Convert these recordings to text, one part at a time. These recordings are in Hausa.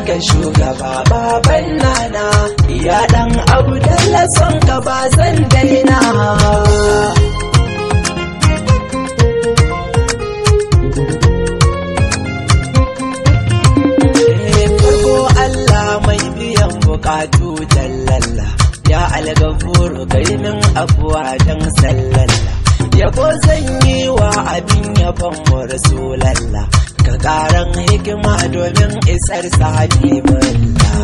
ka shugaba baban nana ya dan abu son ka ba zan daina eh, farko Allah mai biyan jallalla ya algaburu gaimin abuwa jan dan sallalla yabo zan yi wa abin yabon mu rasulalla ka karan hikima domin isar sa habibulla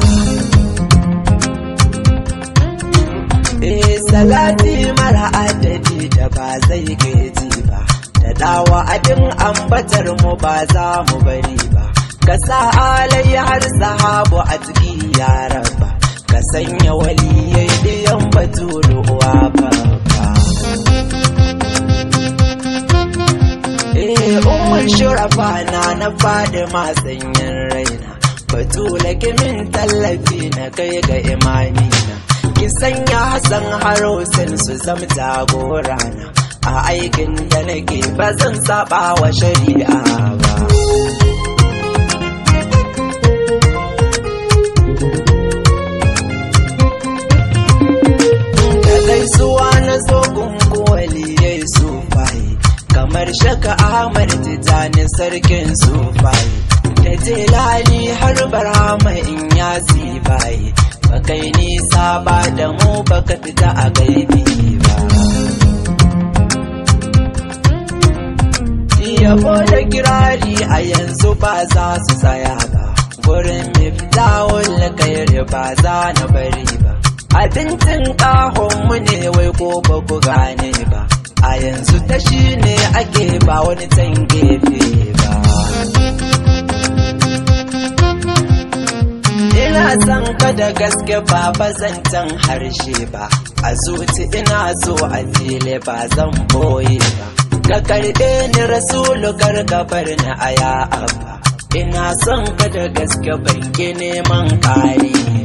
eh salati mara adadi da ba zai gaji ba da dawa abin ambatar mu ba za mu bari ba ka sa alai har sahabu a cikin ya ka sanya waliyai yan batulu uwa ba shurafa na na faɗi masanyin raina batula kimin tallafi na kai ga imamina ki sanya hassan harosin su zama jagorana a aikin da nake ba zan saba wa shari'a ba shaka ahmad titani sarkin sufai da tilali har barhama in ya bai kai nisa ba da mu ba ka fita a gaibi ba yabo da kirari a yanzu ba za su tsaya ba gurin miftawun lakayar ba za na bari ba abincin ƙahon mu ne wai ko ba ku gane ba a yanzu ta shi ne ake ba wani can ba ina san ka da gaske ba ba harshe ba a zuci ina so a fili ba zan boye ba ka karɓe ni rasulu gargabar na a ya'a ba, ina son ka da gaske ban neman kari.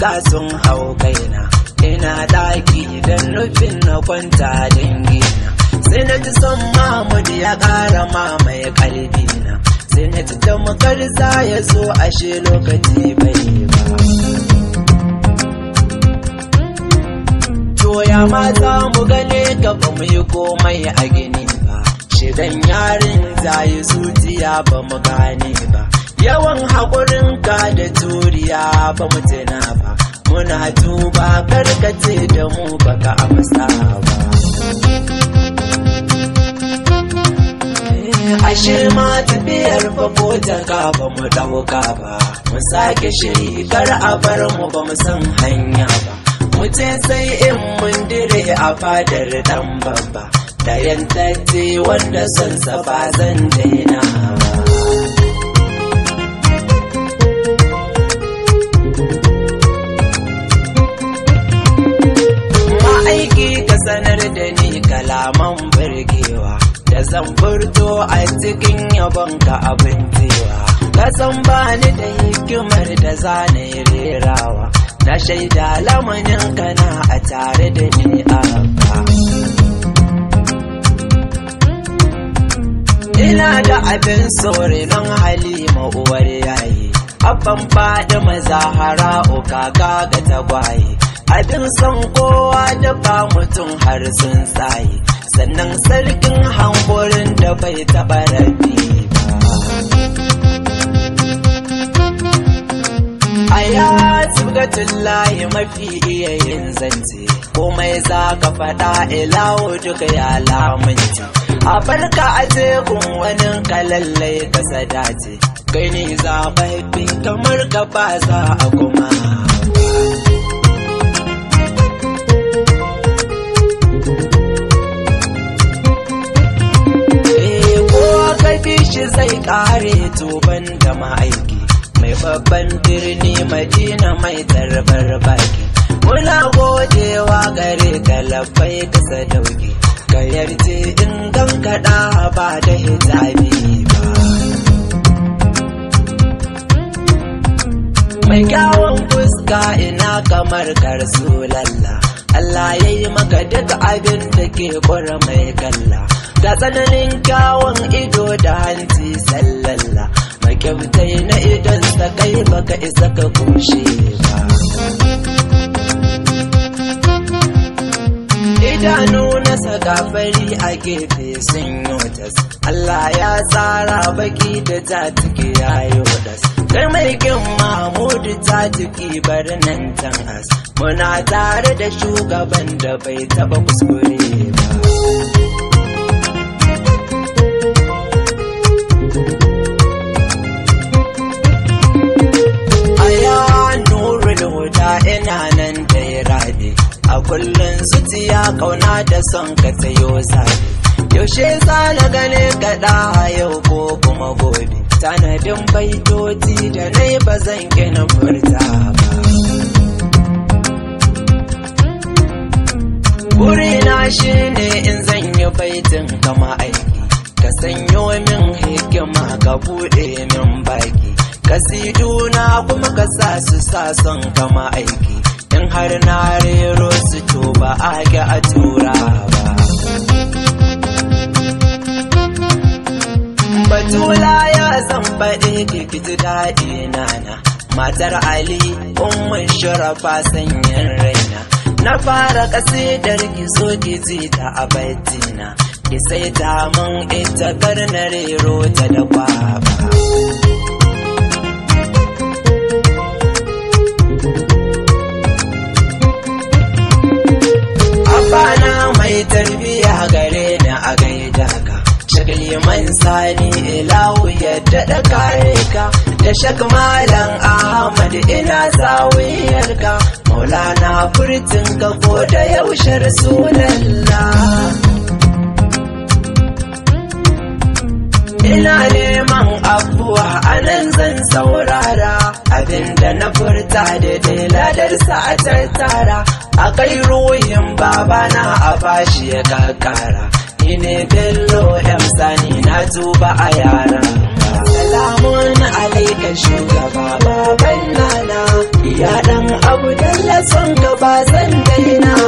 Za sun hau kaina ina daki don nufin na kwanta dangina sai na ji son mahmud ya ƙara mamaye kalbina sai na ji mu za ya so ashe lokaci bai ba ya mata mu gane ka ba mu yi komai a gini ba shirin yarin zayi zuciya ba mu gane ba yawan haƙurinka da juriya ba mu ba muna tuba karkace da mu baka amsa ba ashe ma tafiyar fa ko ba mu ɗauka ba mu sake shiri kar a bar mu ba mu san hanya ba mu ce sai in mun dire a fadar dan babba da yantacce wanda son sa zan daina ba aiki ka sanar da ni kalaman birgewa da zan furto a cikin yabon ka abincewa ka san ba ni da hikimar da za rerawa na shaida lamanin kana a tare da ni a ina da abin saurinan halima uwar yayi abban faɗi mazahara o kaka ga tagwaye abin son kowa da ba mutum har sun tsaye sannan sarkin hankulin da bai taɓa rabi ba a ya tsibgatun layi mafi iya yin zance komai za ka faɗa ilawo duka ya lamunci a farka a tekun wani kalallai ka sadace kai ne za mahaifi kamar ka ba za a kuma shi zai kare tuban da ma'aiki mai babban birni madina mai tarbar baki muna godewa gare galabai da sadauki ka yarje in gangaɗa ba da hijabi ba mai kyawun fuska ina kamar karsulan Allah ya yi maka duk abin da ke kura mai galla da tsananin kyawun ido da hanci sallalla makyautai na idon sa kai baka isa ka kushe ba idanu na sagafari a gefe sun yotas Allah ya tsara baki da ta tuki ya yotas kar mai gin mamudu ta tuki bari nan tan muna tare da shugaban da bai taba kuskure kauna da son ka tsayo zaɓi yaushe za na gane kaɗa yau ko kuma gobe tanadin baitoti da nai ba zan gina furta ba burina ne in zan yi baitin kama aiki ka sanyo min hikima ka buɗe min baki kasiduna kuma ka sa su sa son kama aiki in har na rero su to ba a ga a tura ba batula ya zan faɗi kikiti daɗi na. matar ali umar sharafa sanyin raina na fara kasidar ki so ki ji ta a ki sai ta mun ita karnare rota da kwaba tarbiya gare ni a gaida ka shakliman sani ilawu yadda da kare ka da shak malam ahmad ina zawiyar ka maulana furtin ka ko da yaushar sunanna ina neman abuwa a nan zan saurara abinda na furta da dai Ladar a tattara a kai ruhin baba tashi ya kakara ni ne bello m sani na tuba a yara salamun alaika shugaba baban nana ya dan abu dalla son gaba zan daina